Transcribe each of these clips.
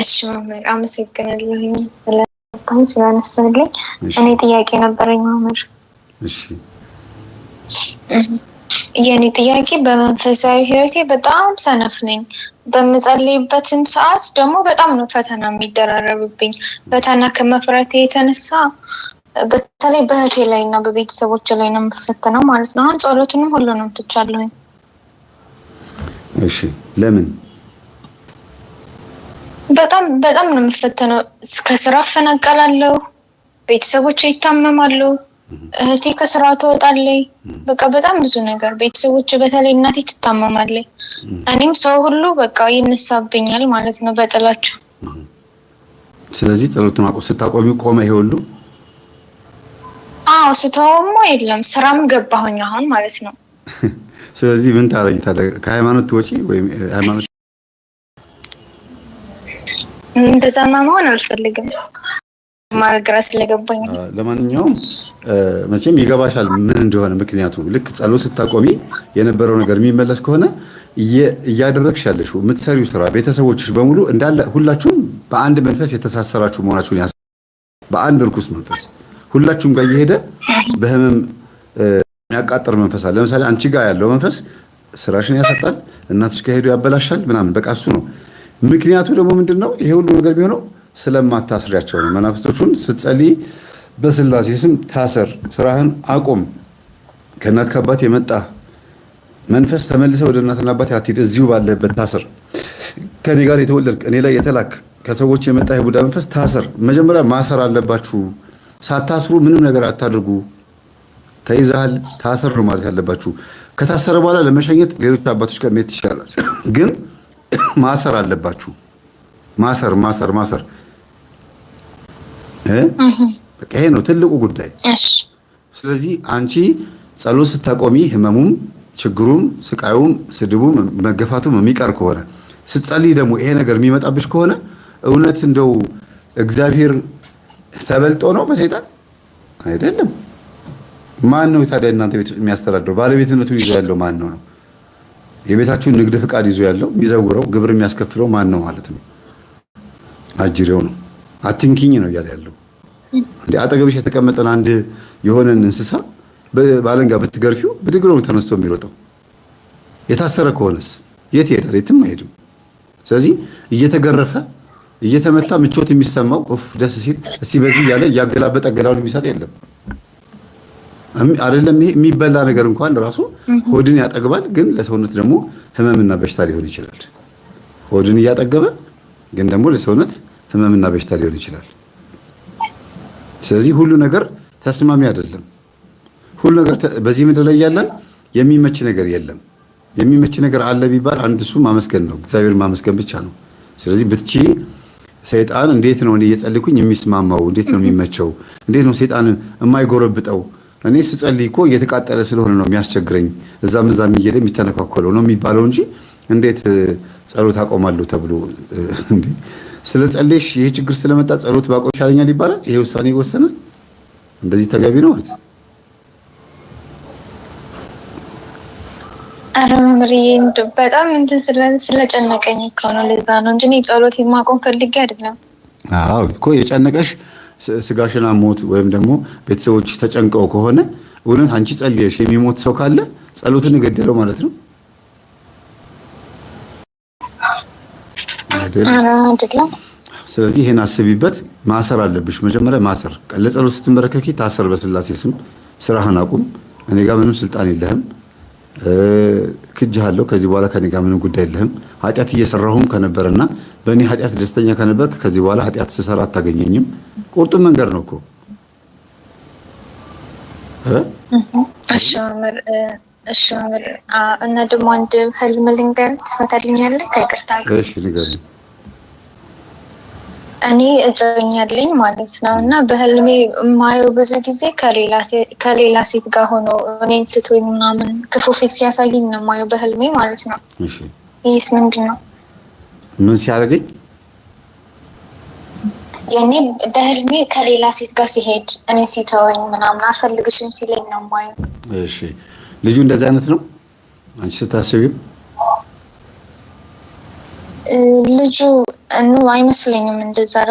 እሺ መምህር አመሰግናለሁ ስለባኝ ስላነሳልኝ። እኔ ጥያቄ ነበረኝ መምህር። እሺ የእኔ ጥያቄ በመንፈሳዊ ህይወቴ በጣም ሰነፍ ነኝ። በምጸልይበትም ሰዓት ደግሞ በጣም ነው ፈተና የሚደራረብብኝ። ፈተና ከመፍረቴ የተነሳ በተለይ በህቴ ላይ እና በቤተሰቦች ላይ ነው የምፈተነው ማለት ነው። አሁን ጸሎትንም ሁሉንም ትቻለሁኝ። እሺ ለምን በጣም በጣም ነው የምፈተነው። ከስራ አፈናቀላለሁ፣ ቤተሰቦች ይታመማሉ፣ እህቴ ከስራ ትወጣለይ። በቃ በጣም ብዙ ነገር ቤተሰቦች፣ በተለይ እናቴ ትታመማለይ። እኔም ሰው ሁሉ በቃ ይነሳብኛል ማለት ነው በጥላቸው። ስለዚህ ጸሎትን ስታቆሚው ቆመ ይሄ ሁሉ? አዎ ስተውማ የለም ስራም ገባሁኝ አሁን ማለት ነው። ስለዚህ ምን ታረኝ? ከሃይማኖት ወጪ ወይም ሃይማኖት እንደዛማ መሆን አልፈልግም። ማድረግ ስለገባኝ። ለማንኛውም መቼም ይገባሻል ምን እንደሆነ ምክንያቱ። ልክ ጸሎት ስታቆሚ የነበረው ነገር የሚመለስ ከሆነ እያደረግሽ ያለሽ የምትሰሪው ስራ፣ ቤተሰቦችሽ በሙሉ እንዳለ ሁላችሁም በአንድ መንፈስ የተሳሰራችሁ መሆናችሁን ያ በአንድ እርኩስ መንፈስ ሁላችሁም ጋር እየሄደ በህመም የሚያቃጥር መንፈስ አለ። ለምሳሌ አንቺ ጋር ያለው መንፈስ ስራሽን ያሳጣል፣ እናትሽ ጋር ሄዶ ያበላሻል ምናምን። በቃ እሱ ነው ምክንያቱ ደግሞ ምንድን ነው? ይሄ ሁሉ ነገር ቢሆነው ስለማታስሪያቸው ነው። መናፍስቶቹን ስትጸልይ በስላሴ ስም ታሰር፣ ስራህን አቁም፣ ከእናት ከአባት የመጣ መንፈስ ተመልሰ ወደ እናትና አባት አትሂድ፣ እዚሁ ባለህበት ታሰር። ከኔ ጋር የተወለድክ እኔ ላይ የተላክ ከሰዎች የመጣ የቡዳ መንፈስ ታሰር። መጀመሪያ ማሰር አለባችሁ። ሳታስሩ ምንም ነገር አታድርጉ። ተይዘሃል፣ ታሰር ነው ማለት ያለባችሁ። ከታሰረ በኋላ ለመሸኘት ሌሎች አባቶች ጋር መሄድ ትችላላችሁ ግን ማሰር አለባችሁ። ማሰር ማሰር ማሰር በቃ ይሄ ነው ትልቁ ጉዳይ። ስለዚህ አንቺ ጸሎት ስታቆሚ ህመሙም፣ ችግሩም፣ ስቃዩም፣ ስድቡም፣ መገፋቱም የሚቀር ከሆነ ስትጸልይ ደግሞ ይሄ ነገር የሚመጣብሽ ከሆነ እውነት እንደው እግዚአብሔር ተበልጦ ነው በሰይጣን አይደለም። ማን ነው ታዲያ እናንተ ቤት የሚያስተዳድረው? ባለቤትነቱን ይዞ ያለው ማን ነው ነው የቤታችሁን ንግድ ፍቃድ ይዞ ያለው የሚዘውረው ግብር የሚያስከፍለው ማን ነው ማለት ነው? አጅሬው ነው። አትንኪኝ ነው እያለ ያለው። እንደ አጠገብሽ የተቀመጠን አንድ የሆነን እንስሳ በአለንጋ ብትገርፊው ብድግ ነው ተነስቶ የሚሮጠው። የታሰረ ከሆነስ የት ይሄዳል? የትም አይሄድም። ስለዚህ እየተገረፈ እየተመታ ምቾት የሚሰማው ፍ ደስ ሲል እስቲ በዚህ እያለ እያገላበጠ ገላውን የሚሰጥ የለም። አይደለም ይሄ የሚበላ ነገር እንኳን ራሱ ሆድን ያጠግባል፣ ግን ለሰውነት ደግሞ ህመምና በሽታ ሊሆን ይችላል። ሆድን እያጠገበ ግን ደግሞ ለሰውነት ህመምና በሽታ ሊሆን ይችላል። ስለዚህ ሁሉ ነገር ተስማሚ አይደለም። ሁሉ ነገር በዚህ ምድር ላይ ያለን የሚመች ነገር የለም። የሚመች ነገር አለ ቢባል አንድ እሱ ማመስገን ነው፣ እግዚአብሔር ማመስገን ብቻ ነው። ስለዚህ ብትቺ ሰይጣን እንዴት ነው እኔ እየጸለይኩኝ የሚስማማው? እንዴት ነው የሚመቸው? እንዴት ነው ሰይጣን የማይጎረብጠው? እኔ ስጸልይ እኮ እየተቃጠለ ስለሆነ ነው የሚያስቸግረኝ፣ እዛም እዛም እየሄደ የሚተነካከለው ነው የሚባለው እንጂ እንዴት ጸሎት አቆማለሁ ተብሎ ስለ ጸለይሽ ይሄ ችግር ስለመጣ ጸሎት ባቆም ይሻለኛል ይባላል። ይሄ ውሳኔ ወሰነ እንደዚህ ተገቢ ነው? ኧረ መምህሬ በጣም እንትን ስለጨነቀኝ እኮ ነው። ለዛ ነው እንጂ ጸሎት የማቆም ፈልጌ አይደለም። አዎ እኮ የጨነቀሽ ስጋሽና ሞት ወይም ደግሞ ቤተሰቦች ተጨንቀው ከሆነ እውነት አንቺ ጸልየሽ የሚሞት ሰው ካለ ጸሎትን የገደለው ማለት ነው ስለዚህ ይህን አስቢበት። ማሰር አለብሽ መጀመሪያ ማሰር ለጸሎት ስትንበረከኪ ታሰር። በስላሴ ስም ስራህን አቁም። እኔ ጋር ምንም ስልጣን የለህም። ክጅሃለሁ ከዚህ በኋላ ከኔ ጋር ምንም ጉዳይ የለህም። ኃጢአት እየሰራሁም ከነበረና በእኔ ኃጢአት ደስተኛ ከነበር ከዚህ በኋላ ኃጢአት ስሰራ አታገኘኝም። ቁርጡን መንገድ ነው እኮ እና ደግሞ አንድ ህልም ልንገርህ፣ ትፈታልኛለህ? ከቅርታ እሺ፣ ንገሪኝ እኔ እጮኛ ማለት ነው እና በህልሜ የማየው ብዙ ጊዜ ከሌላ ሴት ጋር ሆኖ እኔን ትቶኝ ምናምን ክፉ ፊት ሲያሳየኝ ነው የማየው በህልሜ ማለት ነው። ይህስ ምንድን ነው? ምን ሲያደርገኝ? የኔ በህልሜ ከሌላ ሴት ጋር ሲሄድ እኔ ሲተወኝ ምናምን አልፈልግሽም ሲለኝ ነው የማየው። እሺ ልጁ እንደዚ አይነት ነው አንቺ ስታስቢው ልጁ እኑ አይመስለኝም። እንደዛ ኧረ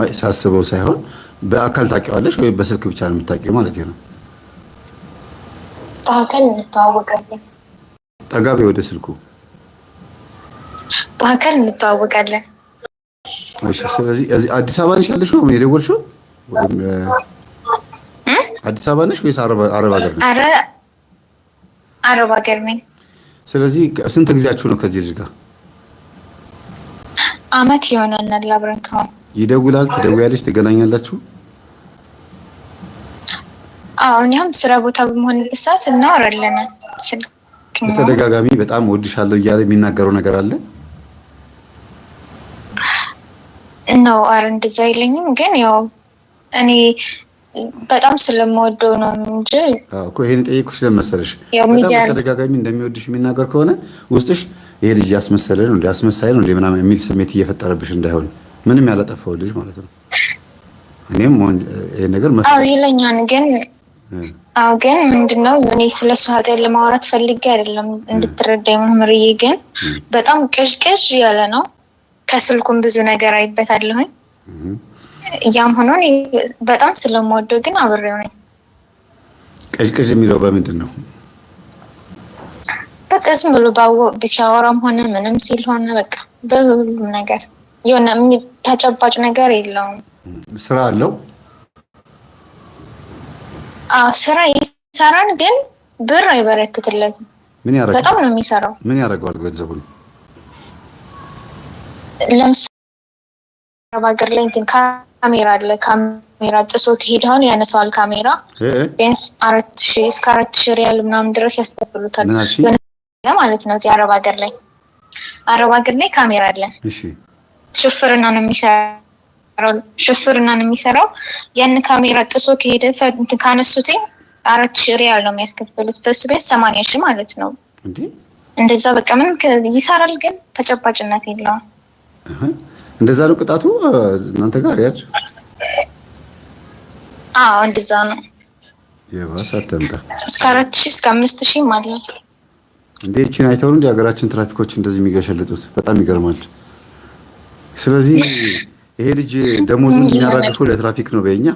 ወይ ሳስበው ሳይሆን በአካል ታውቂዋለሽ ወይ በስልክ ብቻ ነው የምታውቂው ማለት ነው? በአካል እንተዋወቃለን። ጠጋቢ ወደ ስልኩ በአካል እንተዋወቃለን። እሺ። ስለዚህ አዲስ አበባ ነሽ ያለሽው ወይ የደወልሽው? አዲስ አበባ ነሽ ወይስ አረብ አገር ነሽ? አረ አረብ አገር ነኝ። ስለዚህ ስንት ጊዜያችሁ ነው ከዚህ ልጅ ጋር? አመት ይሆነናል አብረን ከሆነ ይደውላል፣ ትደውያለች፣ ትገናኛላችሁ? አዎ እኛም ስራ ቦታ በመሆንበት ሰዓት እናወራለን። በተደጋጋሚ በጣም ወድሻለሁ እያለ የሚናገረው ነገር አለ ነው? አረ እንደዛ አይለኝም፣ ግን ያው እኔ በጣም ስለምወደው ነው እንጂ እኮ ይሄን የጠየኩሽ ስለመሰለሽ፣ ተደጋጋሚ እንደሚወድሽ የሚናገር ከሆነ ውስጥሽ ይሄ ልጅ ያስመሰለ ነው እንደ አስመሳይ ነው እንደ ምናምን የሚል ስሜት እየፈጠረብሽ እንዳይሆን ምንም ያላጠፋው ልጅ ማለት ነው። እኔም ይሄ ነገር አዎ ይለኛል፣ ግን አዎ ግን ምንድነው እኔ ስለ ስለሱ ኃጢአት ለማውራት ፈልጌ አይደለም እንድትረዳ መምህርዬ፣ ግን በጣም ቅዥቅዥ ያለ ነው። ከስልኩም ብዙ ነገር አይበታለሁኝ ያም ሆኖ በጣም ስለምወደው ግን አብሬው ነኝ። ቅዥቅዥ የሚለው በምንድን ነው? በቃ ዝም ብሎ ባወ ሲያወራም ሆነ ምንም ሲል ሆነ በቃ በሁሉም ነገር የሆነ ተጨባጭ ነገር የለውም። ስራ አለው። አዎ ስራ ይሰራል፣ ግን ብር አይበረክትለትም። ምን ያደርጋል? በጣም ነው የሚሰራው። ምን ያደርገዋል ገንዘቡ? ለምሳሌ አረብ ሀገር ላይ እንትን ካሜራ አለ። ካሜራ ጥሶ ከሄድ አሁን ያነሳዋል። ካሜራ ቢያንስ አራት ሺ እስከ አራት ሺ ሪያል ምናምን ድረስ ያስከፍሉታል ማለት ነው። እዚህ አረብ ሀገር ላይ አረብ ሀገር ላይ ካሜራ አለ። ሹፍርና ነው የሚሰራው። ሹፍርና ነው የሚሰራው። ያን ካሜራ ጥሶ ከሄደ ካነሱት አራት ሺ ሪያል ነው የሚያስከፍሉት። በሱ ቢያንስ ሰማንያ ሺ ማለት ነው። እንደዛ በቃ ምንም ይሰራል፣ ግን ተጨባጭነት የለውም። እንደዛ ነው ቅጣቱ። እናንተ ጋር ያድ አዎ፣ እንደዛ ነው። የባሰ አተንታ እስከ አራት ሺህ እስከ አምስት ሺህም አለ እንዴ! እቺን አይተው እንደ ሀገራችን ትራፊኮች እንደዚህ የሚገሸልጡት በጣም ይገርማል። ስለዚህ ይሄ ልጅ ደሞዙን የሚያራግፈው ለትራፊክ ነው በኛ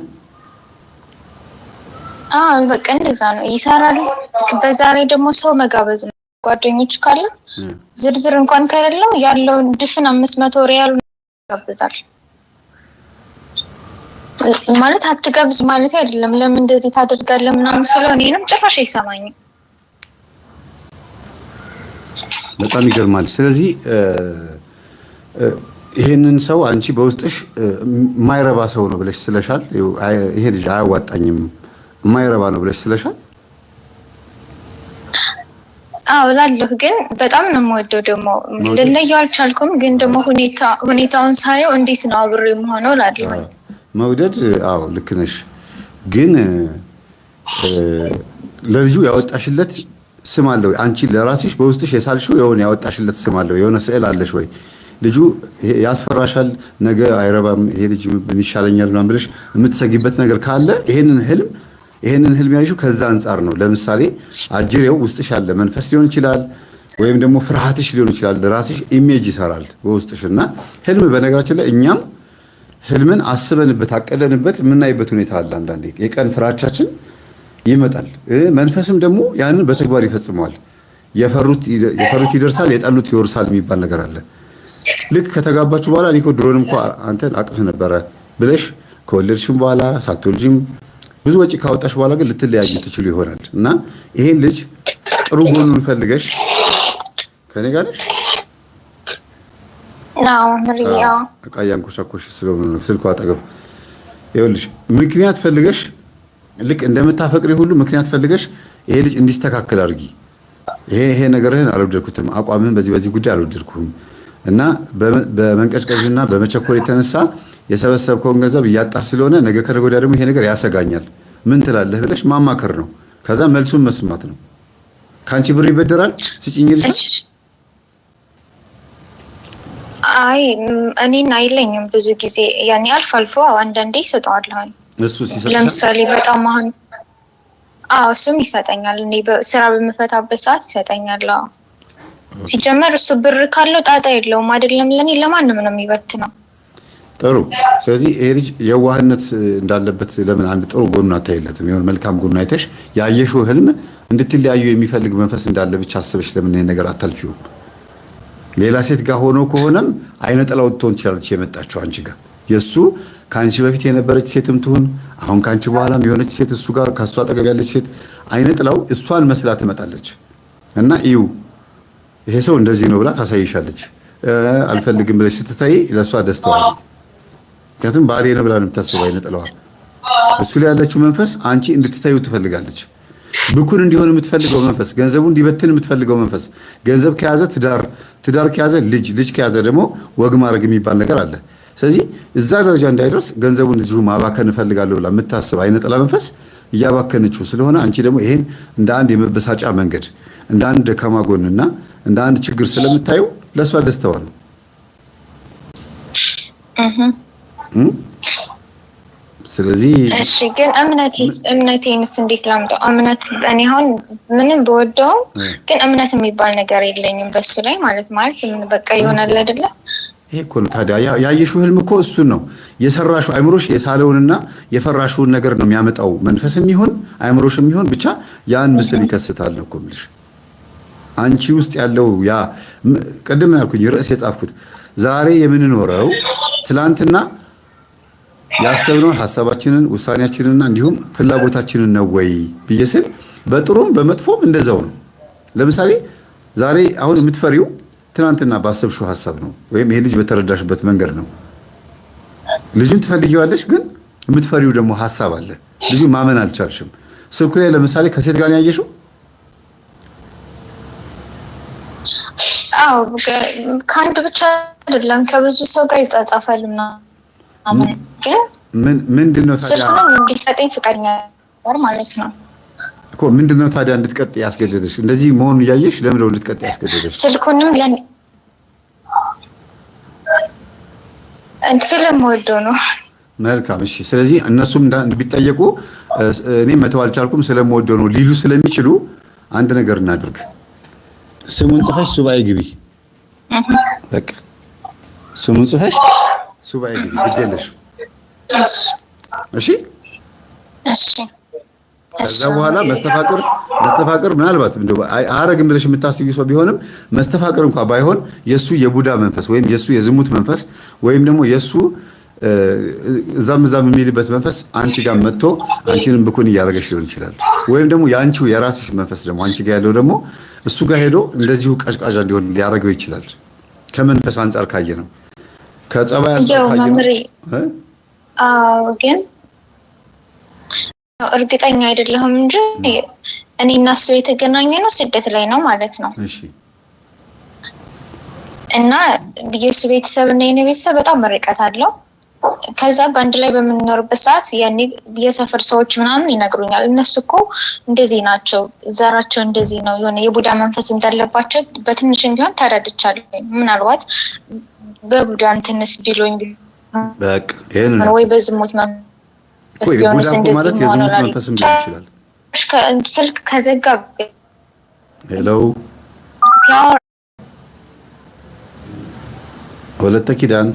አዎ፣ በቃ እንደዛ ነው ይሰራል። በዛ ላይ ደግሞ ሰው መጋበዝ ነው ጓደኞች ካለ ዝርዝር እንኳን ከሌለው ያለውን ድፍን አምስት መቶ ሪያል ይጋብዛል። ማለት አትጋብዝ ማለት አይደለም። ለምን እንደዚህ ታደርጋለህ ምናምን ስለው እኔንም ጭራሽ አይሰማኝም። በጣም ይገርማል። ስለዚህ ይሄንን ሰው አንቺ በውስጥሽ የማይረባ ሰው ነው ብለሽ ስለሻል። ይሄ ልጅ አያዋጣኝም የማይረባ ነው ብለሽ ስለሻል አዎ ላለሁ ግን በጣም ነው የምወደው። ደግሞ ልለየው አልቻልኩም። ግን ደግሞ ሁኔታውን ሳየው እንዴት ነው አብሮ የመሆነው ላለ መውደድ። አዎ ልክ ነሽ። ግን ለልጁ ያወጣሽለት ስም አለው? አንቺ ለራስሽ በውስጥሽ የሳልሽው የሆነ ያወጣሽለት ስም አለው? የሆነ ስዕል አለሽ ወይ? ልጁ ያስፈራሻል፣ ነገ አይረባም ይሄ ልጅ ምን ይሻለኛል ምናምን ብለሽ የምትሰጊበት ነገር ካለ ይሄንን ህልም ይህንን ህልም ያዩ ከዛ አንጻር ነው። ለምሳሌ አጅሬው ውስጥሽ ያለ መንፈስ ሊሆን ይችላል፣ ወይም ደግሞ ፍርሃትሽ ሊሆን ይችላል። ራስሽ ኢሜጅ ይሰራል በውስጥሽ እና ህልም በነገራችን ላይ እኛም ህልምን አስበንበት አቀደንበት የምናይበት ሁኔታ አለ። አንዳንዴ የቀን ፍራቻችን ይመጣል፣ መንፈስም ደግሞ ያንን በተግባር ይፈጽመዋል። የፈሩት ይደርሳል፣ የጠሉት ይወርሳል የሚባል ነገር አለ። ልክ ከተጋባችሁ በኋላ እኔ እኮ ድሮንም እኮ አንተን አቅፍ ነበረ ብለሽ ከወለድሽም በኋላ ሳትወልጂም ብዙ ወጪ ካወጣሽ በኋላ ግን ልትለያዩ ትችሉ ይሆናል እና ይሄን ልጅ ጥሩ ጎኑን ፈልገሽ ከኔ ጋር ነሽ። እቃ እያንኮሻኮሽ ስለሆነ ነው ስልኩ አጠገብ። ይኸውልሽ ምክንያት ፈልገሽ ልክ እንደምታፈቅሪ ሁሉ ምክንያት ፈልገሽ ይሄ ልጅ እንዲስተካከል አድርጊ። ይሄ ይሄ ነገርህን አልወደድኩትም፣ አቋምህን በዚህ በዚህ ጉዳይ አልወደድኩም እና በመንቀጭቀዥና በመቸኮል የተነሳ የሰበሰብከውን ገንዘብ እያጣህ ስለሆነ ነገ ከነገ ወዲያ ደግሞ ይሄ ነገር ያሰጋኛል፣ ምን ትላለህ ብለሽ ማማከር ነው። ከዛ መልሱን መስማት ነው። ከአንቺ ብር ይበደራል ስጭኝ ይልሻል። አይ እኔን አይለኝም ብዙ ጊዜ ያኔ አልፎ አልፎ አንዳንዴ ይሰጠዋለሁ። እሱ ሲሰጥ ለምሳሌ በጣም አሁን አዎ እሱም ይሰጠኛል። እኔ ስራ በምፈታበት ሰዓት ይሰጠኛል። ሲጀመር እሱ ብር ካለው ጣጣ የለውም አይደለም። ለእኔ ለማንም ነው የሚበት ነው ጥሩ። ስለዚህ ይሄ ልጅ የዋህነት እንዳለበት ለምን አንድ ጥሩ ጎኑን አታይለትም? የሆነ መልካም ጎኑን አይተሽ ያየሽው ህልም እንድትለያዩ የሚፈልግ መንፈስ እንዳለ ብቻ አስበሽ ለምን ይሄን ነገር አታልፊውም? ሌላ ሴት ጋር ሆኖ ከሆነም አይነ ጥላው ትሆን ትችላለች የመጣችው አንቺ ጋር የእሱ ከአንቺ በፊት የነበረች ሴትም ትሁን አሁን ከአንቺ በኋላም የሆነች ሴት እሱ ጋር ከእሱ አጠገብ ያለች ሴት አይነ ጥላው እሷን መስላ ትመጣለች እና እዩ ይሄ ሰው እንደዚህ ነው ብላ ታሳይሻለች። አልፈልግም ብለሽ ስትታይ ለእሷ ደስተዋል ምክንያቱም ባሌ ነው ብላ ነው አይነ ጥለዋል። እሱ ላይ ያለችው መንፈስ አንቺ እንድትታዩ ትፈልጋለች። ብኩን እንዲሆን የምትፈልገው መንፈስ፣ ገንዘቡ እንዲበትን የምትፈልገው መንፈስ። ገንዘብ ከያዘ ትዳር፣ ትዳር ከያዘ ልጅ፣ ልጅ ከያዘ ደግሞ ወግ ማድረግ የሚባል ነገር አለ። ስለዚህ እዛ ደረጃ እንዳይደርስ ገንዘቡን እዚሁ ማባከን እፈልጋለሁ ብላ የምታስብ ጥላ መንፈስ እያባከነችው ስለሆነ አንቺ ደግሞ ይሄን እንደ አንድ የመበሳጫ መንገድ እንደ አንድ ደካማ ጎንና እንደ አንድ ችግር ስለምታየው ለእሷ ደስተዋል ስለዚህ እሺ፣ ግን እምነቴስ እምነቴንስ እንዴት ላምጠው? እምነት እኔ አሁን ምንም በወደውም ግን እምነት የሚባል ነገር የለኝም በሱ ላይ ማለት ማለት ምን በቃ ይሆናል አይደለ? ይሄ እኮ ነው ታዲያ። ያየሽው ህልም እኮ እሱን ነው የሰራሽው። አይምሮሽ የሳለውንና የፈራሽውን ነገር ነው የሚያመጣው። መንፈስም ይሁን አይምሮሽም ይሁን ብቻ ያን ምስል ይከስታል እኮ የምልሽ። አንቺ ውስጥ ያለው ያ ቅድም ያልኩኝ ርዕስ የጻፍኩት ዛሬ የምንኖረው ትላንትና ያሰብነውን ሀሳባችንን ውሳኔያችንንና እንዲሁም ፍላጎታችንን ነው ወይ ብዬ ስል በጥሩም በመጥፎም እንደዛው ነው። ለምሳሌ ዛሬ አሁን የምትፈሪው ትናንትና ባሰብሽው ሀሳብ ነው፣ ወይም ይሄ ልጅ በተረዳሽበት መንገድ ነው። ልጁን ትፈልጊዋለሽ፣ ግን የምትፈሪው ደግሞ ሀሳብ አለ። ልጁን ማመን አልቻልሽም። ስልኩ ላይ ለምሳሌ ከሴት ጋር ያየሽው ከአንድ ብቻ አይደለም፣ ከብዙ ሰው ጋር ይጻጻፋል ምናምን ግን ምንድን ነው ታዲያ እንዲሰጠኝ ፍቃደኛ ነበር ማለት ነው እኮ ምንድን ነው ታዲያ እንድትቀጥ ያስገደደሽ? እንደዚህ መሆኑን እያየሽ ለምን ነው እንድትቀጥ ያስገደደሽ? ስልኩንም ያን ስለምወደው ነው። መልካም እሺ። ስለዚህ እነሱም ቢጠየቁ እኔ መተው አልቻልኩም ስለምወደው ነው ሊሉ ስለሚችሉ አንድ ነገር እናድርግ። ስሙን ጽፈሽ ሱባኤ ግቢ። በቃ ስሙን ጽፈሽ ሱባኤ ግቢ ግዴለሽ። እሺ እሺ። ከዛ በኋላ መስተፋቅር መስተፋቅር ምናልባት አረግም ብለሽ የምታስቢ ሰው ቢሆንም መስተፋቅር እንኳ ባይሆን የእሱ የቡዳ መንፈስ ወይም የእሱ የዝሙት መንፈስ ወይም ደግሞ የእሱ እዛም እዛም የሚልበት መንፈስ አንቺ ጋር መጥቶ አንቺንም ብኩን እያደረገሽ ሊሆን ይችላል። ወይም ደግሞ የአንቺው የራስሽ መንፈስ ደግሞ አንቺ ጋር ያለው ደግሞ እሱ ጋር ሄዶ እንደዚሁ ቀዥቃዣ ሊሆን ሊያደርገው ይችላል። ከመንፈስ አንጻር ካየ ነው። ከጸባይ ግን እርግጠኛ አይደለሁም እንጂ እኔ እና እሱ የተገናኘ ነው ስደት ላይ ነው ማለት ነው። እና የእሱ ቤተሰብ እና የኔ ቤተሰብ በጣም ርቀት አለው። ከዛ በአንድ ላይ በምንኖርበት ሰዓት ያኔ የሰፈር ሰዎች ምናምን ይነግሩኛል። እነሱ እኮ እንደዚህ ናቸው፣ ዘራቸው እንደዚህ ነው፣ የሆነ የቡዳ መንፈስ እንዳለባቸው በትንሽም ቢሆን ተረድቻለሁ። ምናልባት በቡዳን ትንስ ቢሎኝ ወይ በዝሙት መንፈስ ይችላል። ስልክ ከዘጋ ሄሎ ወለተ ኪዳን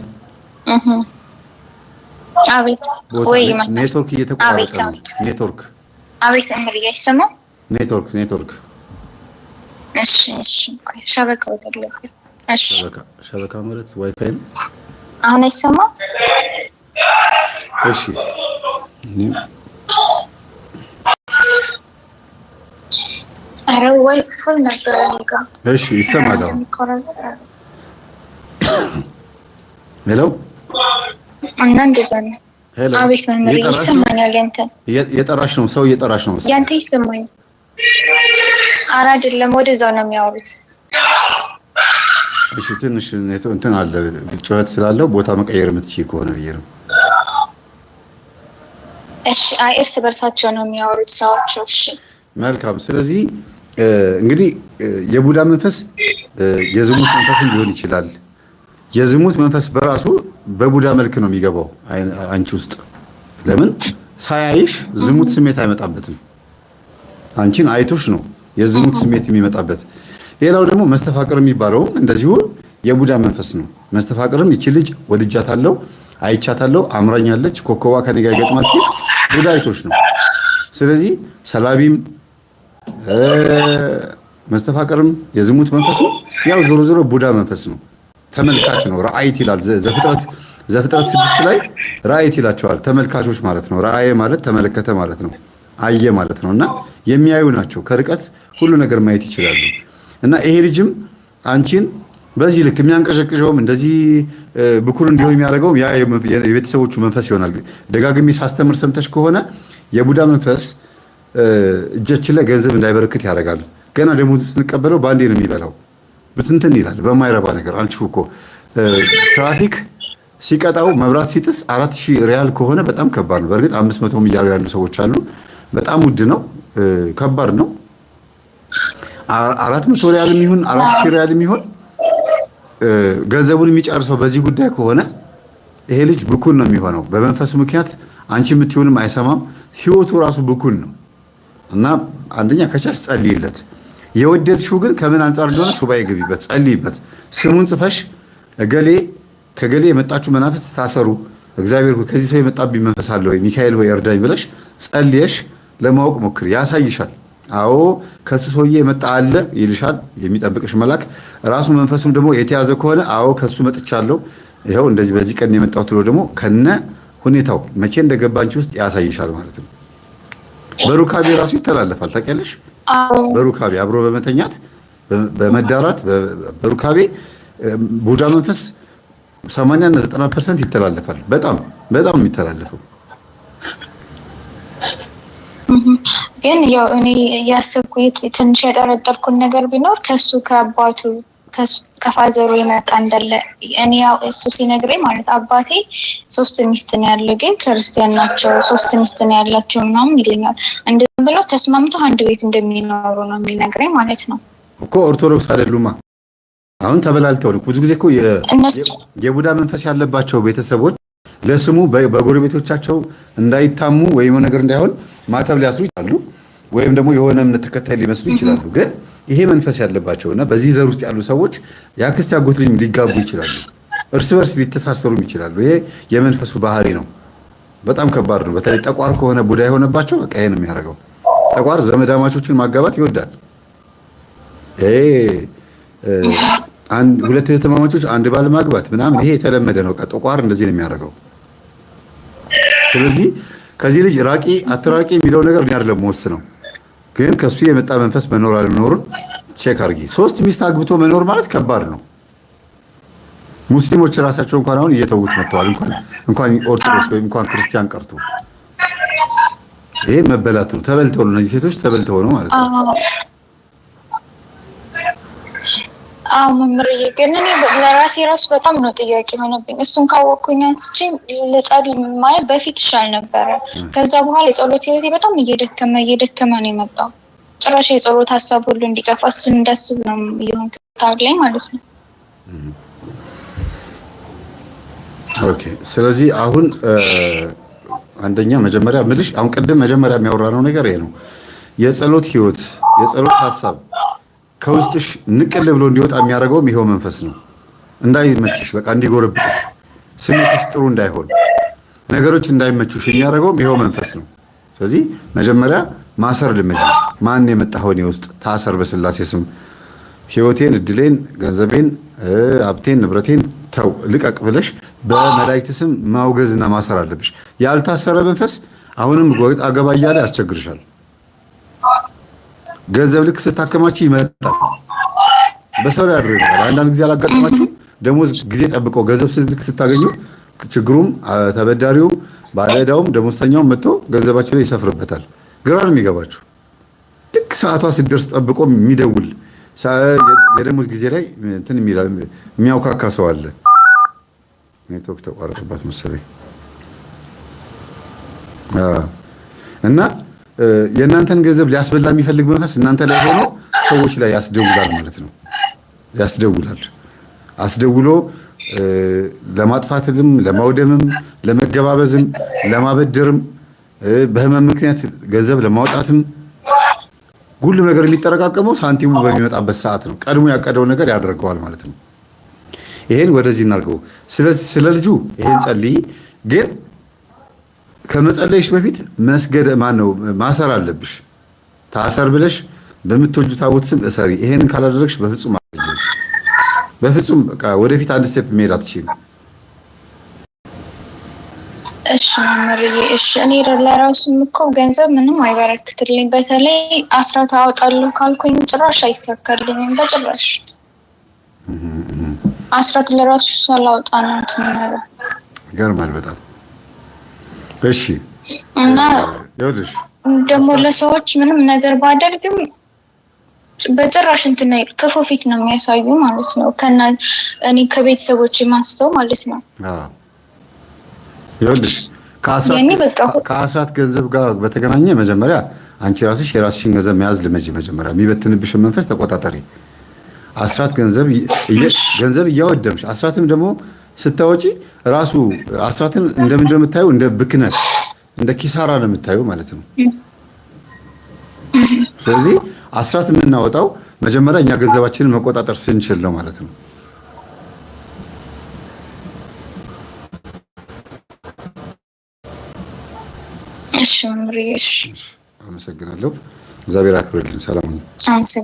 አቤት፣ ወይ ኔትወርክ እየተቆራረጠ ነው። ኔትወርክ አቤት፣ እምር ኔትወርክ ኔትወርክ እሺ፣ እሺ፣ ሻበቃ ደግሞ ሸበካ ማለት ዋይፋይ ነው። አሁን አይሰማም። እሺ ኧረ ወይ ክፍል ነበረ። እሺ ይሰማል። ሄሎ እና እንደዛ ነው። አቤት ነው፣ ሰው እየጠራሽ ነው። ያንተ ይሰማኝ? ኧረ አይደለም፣ ወደዛው ነው የሚያወሩት እሺ ትንሽ እንትን አለ ጩኸት ስላለው ቦታ መቀየር የምትችይ ከሆነ ብዬ ነው። እሺ አይ እርስ በርሳቸው ነው የሚያወሩት ሰዎች። እሺ መልካም። ስለዚህ እንግዲህ የቡዳ መንፈስ የዝሙት መንፈስም ሊሆን ይችላል። የዝሙት መንፈስ በራሱ በቡዳ መልክ ነው የሚገባው አንቺ ውስጥ። ለምን ሳያይሽ ዝሙት ስሜት አይመጣበትም። አንቺን አይቶሽ ነው የዝሙት ስሜት የሚመጣበት። ሌላው ደግሞ መስተፋቅር የሚባለውም እንደዚሁ የቡዳ መንፈስ ነው። መስተፋቅርም ይቺ ልጅ ወድጃታለሁ፣ አይቻታለሁ፣ አምራኛለች፣ ኮከቧ ከኔ ጋር ይገጥማት ሲል ቡዳ አይቶች ነው። ስለዚህ ሰላቢም መስተፋቅርም የዝሙት መንፈስ ነው። ያው ዞሮ ዞሮ ቡዳ መንፈስ ነው። ተመልካች ነው። ረአይት ይላል ዘፍጥረት ዘፍጥረት ስድስት ላይ ራአይት ይላቸዋል። ተመልካቾች ማለት ነው። ራእየ ማለት ተመለከተ ማለት ነው። አየ ማለት ነው። እና የሚያዩ ናቸው። ከርቀት ሁሉ ነገር ማየት ይችላሉ። እና ይሄ ልጅም አንቺን በዚህ ልክ የሚያንቀሸቅሸውም እንደዚህ ብኩር እንዲሆን የሚያደርገውም ያ የቤተሰቦቹ መንፈስ ይሆናል። ደጋግሜ ሳስተምር ሰምተሽ ከሆነ የቡዳ መንፈስ እጃችን ላይ ገንዘብ እንዳይበረክት ያደርጋል። ገና ደግሞ ስንቀበለው በአንዴ ነው የሚበላው። ብትንትን ይላል በማይረባ ነገር። አንቺ እኮ ትራፊክ ሲቀጣው መብራት ሲጥስ አራት ሺህ ሪያል ከሆነ በጣም ከባድ ነው። በእርግጥ አምስት መቶም እያሉ ያሉ ሰዎች አሉ። በጣም ውድ ነው፣ ከባድ ነው። አራት መቶ ሪያል የሚሆን አራት ሺህ ሪያል የሚሆን ገንዘቡን የሚጨርሰው በዚህ ጉዳይ ከሆነ ይሄ ልጅ ብኩን ነው የሚሆነው። በመንፈሱ ምክንያት አንቺ የምትሆንም አይሰማም። ህይወቱ ራሱ ብኩን ነው እና አንደኛ ከቻልሽ ጸልይለት። የወደድሽው ግን ከምን አንጻር እንደሆነ ሱባኤ ግቢበት፣ ጸልይበት። ስሙን ጽፈሽ እገሌ ከገሌ የመጣችሁ መናፍስት ታሰሩ፣ እግዚአብሔር ከዚህ ሰው የመጣብኝ መንፈስ አለ ወይ ሚካኤል ሆይ እርዳኝ ብለሽ ጸልየሽ ለማወቅ ሞክር፣ ያሳይሻል። አዎ ከሱ ሰውዬ የመጣ አለ ይልሻል፣ የሚጠብቅሽ መልአክ ራሱ መንፈሱም ደግሞ የተያዘ ከሆነ አዎ ከሱ መጥቻለሁ፣ ይኸው እንደዚህ በዚህ ቀን የመጣሁት ብሎ ደግሞ ከነ ሁኔታው መቼ እንደገባንች ውስጥ ያሳይሻል ማለት ነው። በሩካቤ ራሱ ይተላለፋል ታውቂያለሽ። በሩካቤ አብሮ በመተኛት በመዳራት በሩካቤ ቡዳ መንፈስ ሰማንያ እና ዘጠና ፐርሰንት ይተላለፋል። በጣም በጣም የሚተላለፈው ግን ያው እኔ ያሰብኩት ትንሽ የጠረጠርኩን ነገር ቢኖር ከሱ ከአባቱ ከፋዘሩ የመጣ እንዳለ እኔ ያው እሱ ሲነግረኝ ማለት አባቴ ሶስት ሚስት ነው ያለው፣ ግን ክርስቲያን ናቸው፣ ሶስት ሚስት ነው ያላቸው ምናምን ይለኛል። እንደዚ ብሎ ተስማምተው አንድ ቤት እንደሚኖሩ ነው የሚነግረኝ ማለት ነው እኮ ኦርቶዶክስ አይደሉማ። አሁን ተበላልተው ብዙ ጊዜ እኮ የቡዳ መንፈስ ያለባቸው ቤተሰቦች ለስሙ በጎረቤቶቻቸው እንዳይታሙ ወይም ነገር እንዳይሆን ማተብ ሊያስሩ ይችላሉ። ወይም ደግሞ የሆነ እምነት ተከታይ ሊመስሉ ይችላሉ። ግን ይሄ መንፈስ ያለባቸው እና በዚህ ዘር ውስጥ ያሉ ሰዎች የአክስት ያጎት ልጅ ሊጋቡ ይችላሉ፣ እርስ በርስ ሊተሳሰሩም ይችላሉ። ይሄ የመንፈሱ ባህሪ ነው። በጣም ከባድ ነው። በተለይ ጠቋር ከሆነ ቡዳ የሆነባቸው በቃ ይሄ የሚያደርገው። ጠቋር ዘመዳማቾችን ማጋባት ይወዳል። ሁለት ተማማቾች አንድ ባል ማግባት ምናምን ይሄ የተለመደ ነው። ጠቋር እንደዚህ ነው የሚያደርገው። ስለዚህ ከዚህ ልጅ ራቂ አትራቂ የሚለው ነገር እኔ አይደለም ወስነው ግን ከሱ የመጣ መንፈስ መኖር አለመኖሩን ቼክ አርጊ። ሶስት ሚስት አግብቶ መኖር ማለት ከባድ ነው። ሙስሊሞች ራሳቸው እንኳን አሁን እየተዉት መጥተዋል። እንኳን ኦርቶዶክስ ወይም እንኳን ክርስቲያን ቀርቶ ይሄ መበላት ነው። ተበልተው ነው እነዚህ ሴቶች ተበልተው ነው ማለት ነው። አዎ መምርዬ፣ ግን እኔ ለራሴ ራሱ በጣም ነው ጥያቄ የሆነብኝ። እሱን ካወቅኩኝ አንስቼ ልጸልይ ማለት በፊት ይሻል ነበረ። ከዛ በኋላ የጸሎት ህይወቴ በጣም እየደከመ እየደከመ ነው የመጣው። ጭራሽ የጸሎት ሀሳብ ሁሉ እንዲጠፋ እሱን እንዳስብ ነው እየሆን ላይ ማለት ነው። ኦኬ ስለዚህ አሁን አንደኛ መጀመሪያ ምልሽ አሁን ቅድም መጀመሪያ የሚያወራ ነው ነገር ይሄ ነው የጸሎት ህይወት የጸሎት ሀሳብ ከውስጥሽ ንቅል ብሎ እንዲወጣ የሚያደርገውም ይኸው መንፈስ ነው። እንዳይመችሽ፣ በቃ እንዲጎረብጥሽ፣ ስሜትሽ ጥሩ እንዳይሆን፣ ነገሮች እንዳይመችሽ የሚያደርገውም ይኸው መንፈስ ነው። ስለዚህ መጀመሪያ ማሰር ልመጅ። ማን የመጣኸውን እኔ ውስጥ ታሰር፣ በስላሴ ስም ህይወቴን፣ እድሌን፣ ገንዘቤን፣ ሀብቴን፣ ንብረቴን ተው ልቀቅ ብለሽ በመላእክት ስም ማውገዝና ማሰር አለብሽ። ያልታሰረ መንፈስ አሁንም ጎጥ አገባ እያለ ያስቸግርሻል። ገንዘብ ልክ ስታከማችሁ ይመጣል። በሰው ላይ ያደርጋል። አንዳንድ ጊዜ አላጋጠማችሁ ደሞዝ ጊዜ ጠብቆ ገንዘብ ልክ ስታገኙ ችግሩም ተበዳሪውም ባለዕዳውም ደሞዝተኛውም መጥቶ ገንዘባችሁ ላይ ይሰፍርበታል። ግራ ነው የሚገባችሁ። ልክ ሰዓቷ ሲደርስ ጠብቆ የሚደውል የደሞዝ ጊዜ ላይ እንትን የሚያውካካ ሰው አለ። ኔትወርክ ተቋረጠባት መሰለኝ እና የእናንተን ገንዘብ ሊያስበላ የሚፈልግ መንፈስ እናንተ ላይ ሆኖ ሰዎች ላይ ያስደውላል ማለት ነው። ያስደውላል አስደውሎ ለማጥፋትም፣ ለማውደምም፣ ለመገባበዝም፣ ለማበደርም በህመም ምክንያት ገንዘብ ለማውጣትም ሁሉም ነገር የሚጠረቃቀመው ሳንቲሙ በሚመጣበት ሰዓት ነው። ቀድሞ ያቀደው ነገር ያደርገዋል ማለት ነው። ይሄን ወደዚህ እናድርገው። ስለ ልጁ ይሄን ጸልይ ግን ከመጸለይሽ በፊት መስገድ ማን ነው ማሰር አለብሽ። ታሰር ብለሽ በምትወጁ ታቦት ስም እሰሪ። ይሄንን ካላደረግሽ በፍጹም በፍጹም በቃ ወደፊት አንድ ስቴፕ መሄድ አትችይም። እሺ መምርዬ፣ እሺ እኔ ለራሱም እኮ ገንዘብ ምንም አይበረክትልኝ። በተለይ አስራት አወጣለሁ ካልኩኝ ጭራሽ አይሳካልኝም በጭራሽ። አስራት ለራሱ ሳላወጣ ነው ትምነው ይገርማል በጣም እሺ። እና ደግሞ ለሰዎች ምንም ነገር ባደርግም በጭራሽ እንትና ክፉ ፊት ነው የሚያሳዩ ማለት ነው። ከና እኔ ከቤተሰቦች የማንስተው ማለት ነው። ይኸውልሽ ከአስራት ገንዘብ ጋር በተገናኘ መጀመሪያ አንቺ ራስሽ የራስሽን ገንዘብ መያዝ ልመጂ። መጀመሪያ የሚበትንብሽን መንፈስ ተቆጣጠሪ። አስራት ገንዘብ ገንዘብ እያወደምሽ አስራትም ደግሞ ስታወጪ ራሱ አስራትን እንደምንድን ነው የምታየው? እንደ ብክነት እንደ ኪሳራ ነው የምታየው ማለት ነው። ስለዚህ አስራት የምናወጣው መጀመሪያ እኛ ገንዘባችንን መቆጣጠር ስንችል ነው ማለት ነው። አመሰግናለሁ። እግዚአብሔር አክብርልን። ሰላም